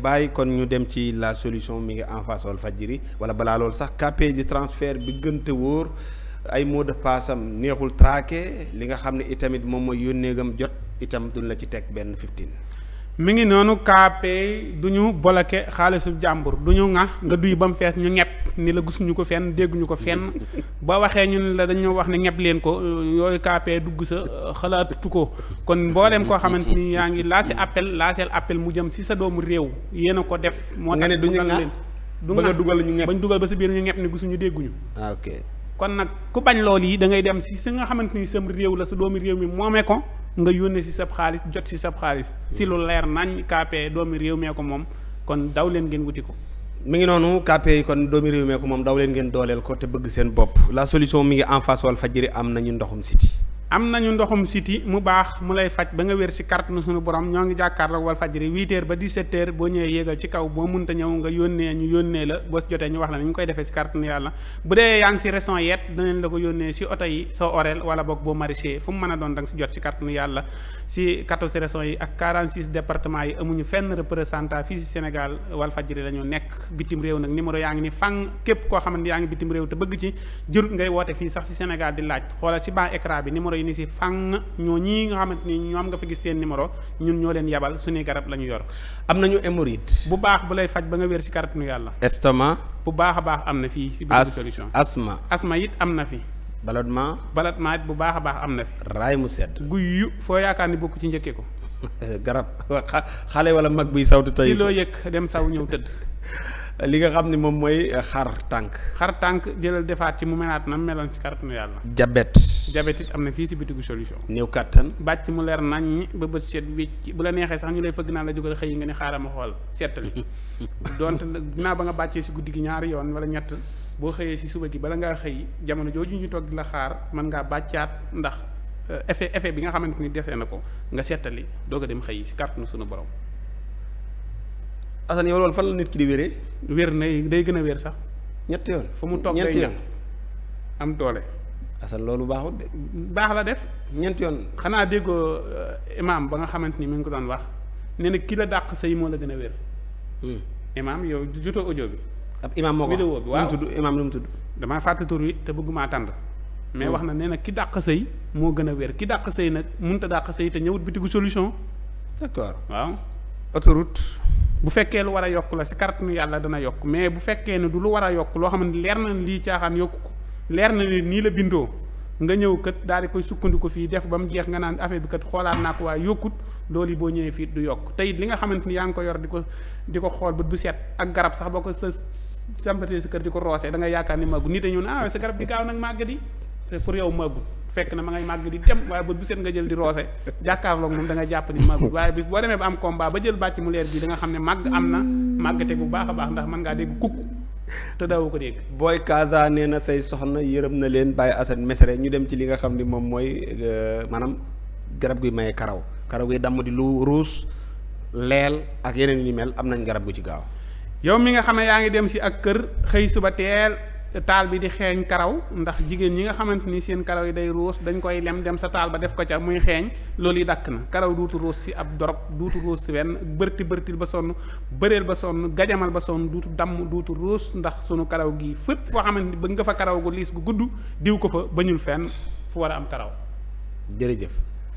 bàyyi kon ñu dem ci la solution mi ngi en face Walfadjri wala balaa loolu sax KP du transfert bi gënte wóor ay mot de passe neexul traake li nga xam ne itamit moom mooy yónneegam jot itam duñ la ci teg benn 15. mi ngi noonu KP du ñu boloke xaalisu jàmbur du ñu ŋax nga duy ba mu fees ñu ñepp ni la gisuñu ko fenn dégguñu ko fenn ba waxee ñun la dañu wax ne ñeb leen ko yooyu kaapee dugg sa euh, xalaatutu ko kon mbooleem koo xamante ni yaa ngi laasi appel laaseel appel mu jëm si sa doomu réew yéen a ko def moo tax dugal leen du nga dugal ñu bañ dugal ba sa biir ñu ñepp ni gisuñu dégguñu ah, kon nag ku bañ lool yi da ngay dem si si nga xamante ni sam réew la sa doomu réew mi moomee ko nga yónnee si sab xaalis jot si sab xaalis si lu leer nañ kaapee doomu réew mee ko moom kon daw leen ngeen wuti ko mi ngi noonu KP yi kon doomi réew mee ko moom daw leen ngeen dooleel ko te bëgg seen bopp la solution mi ngi en face Walfadjri am nañu ndoxum siti am nañu ndoxum siti mu baax mu lay faj ba nga wér si carte na suñu borom ñoo ngi jàkkaarloog Walfadjri 8h ba 17h boo ñëwee yéegal ci kaw boo munta ñëw nga yónnee ñu yónnee la boo jotee ñu wax la ni ñu koy defee si carte na yàlla bu dee yaa ngi si raison yet danañ la ko yónnee si oto yi soo orel wala boog boo maraîcher fu mu mën a doon da nga si jot si carte na yàlla si 14 raison yi ak 46 départements yi amuñu fenn représentant fii si Sénégal Walfadjri nekk bitim réew nag numéro yaa ngi ni fang képp koo xamante yaa ngi bitim réew te bëgg ci jurut ngay woote fii sax si Sénégal di laaj yi ni si fànn ñoo ñii nga xamante ni ñoom nga fa gis seen numéro ñun ñoo leen yabal suñuy garab la ñu yor am na ñu hémorroïde bu baax bu lay faj ba nga wér si karatunu yàlla estomac bu baax a baax am na fii si biir solution asma asma it am na fi balotement balotement it bu baax a baax am na fi raay mu sedd guy foo yaakaar ni bokk ci njëkkee ko garab xale wala mag buy sawtu tey si loo yëg dem saw ñëw tëdd li nga xam ne moom mooy eh, xar tànk. xar tànk jëlal defaat ci mu melaat na meloon ci kàttanu yàlla. jabet. jabet it am na fii si bitigu solution. néew kàttan. bàcc mu leer ñi ba bët set wécc bu la neexee sax ñu lay fëgg naa la jógal xëy nga ne xaaral ma xool seetali donte ginnaaw ba nga bàccee si guddi gi ñaari yoon wala ñett boo xëyee si suba gi bala ngaa xëy jamono jooju ñu toog di la xaar mën ngaa bàccaat ndax eh, effet effet bi nga xamante ni desee na ko nga seetali doog a dem xëy si kàttanu sunu borom Assane yow loolu fan la nit ki di wéree. wér na day gën a wér sax. ñett yoon fu mu toog day am doole. Assane loolu baaxul de. baax la def. ñeenti yoon xanaa déggoo euh, imaam ba nga xamante ni mu ngi ko doon wax nee na ki la dàq sëy moo la gën a wér. Hmm. imaam yow jotoo audio bi. ab imaam moo ko vidéo bi waaw tudd imaam lu damaa fàtte tur wi te bëgguma tànd. mais hmm. wax na nee na ki dàq sëy moo gën a wér ki dàq sëy nag mënut a dàq sëy te ñëwut bitigu solution. d'accord waaw autoroute. bu fekkee lu war a yokk la si kàttanu yàlla dana yokk mais bu fekkee ne du lu war a yokk loo xam ne leer na lii caaxaan yokku ko leer na ni nii la bindoo nga ñëw kat daal di koy sukkandiku fii def ba mu jeex nga naan affaire bi kat xoolaat naa ko waaye yokkut loolu yi boo ñëwee fii du yokk tey li nga xamante ni yaa ngi ko yor di ko di ko xool bët bu set ak garab sax boo ko sa sambatee si kër di ko roosee da nga yaakaar ni màggu nit a ñëw ne ah sa garab gi gaaw nag màggat yi pour yow màggut fekk na ma ngay màgg di dem waaye bët bu set nga jël di roose jàkkaarloog moom da jàpp ni màggul waaye bis boo demee ba am combat ba jël bàcc mu leer bi da xam ne màgg am na màggate bu baax a baax ndax man ngaa dégg kukk te daawu ko dégg booy Kaza nee na say soxna yërëm na leen bàyyi Assane Mesere ñu dem ci li nga xam ni moom mooy euh, maanaam garab gi maye karaw karaw guy damm di lu ruus leel ak yeneen yu mel am nañ garab gu ci gaaw yow mi nga ak kër suba teel taal bi di xeeñ karaw ndax jigéen ñi nga xamante ni seen karaw yi day roos dañ koy lem dem sa taal ba def ko ca muy xeeñ loolu yi dakk na karaw duutu roos si ab dorog duutu ruus si wenn bërti bërtil ba sonn bëreel ba sonn gajamal ba sonn duutu damm duutu ruus ndax sunu karaw gi fépp foo xamante ni bëgg nga fa karaw gu liis gu gudd diw ko fa bañul fenn fu war a am karaw jërëjëf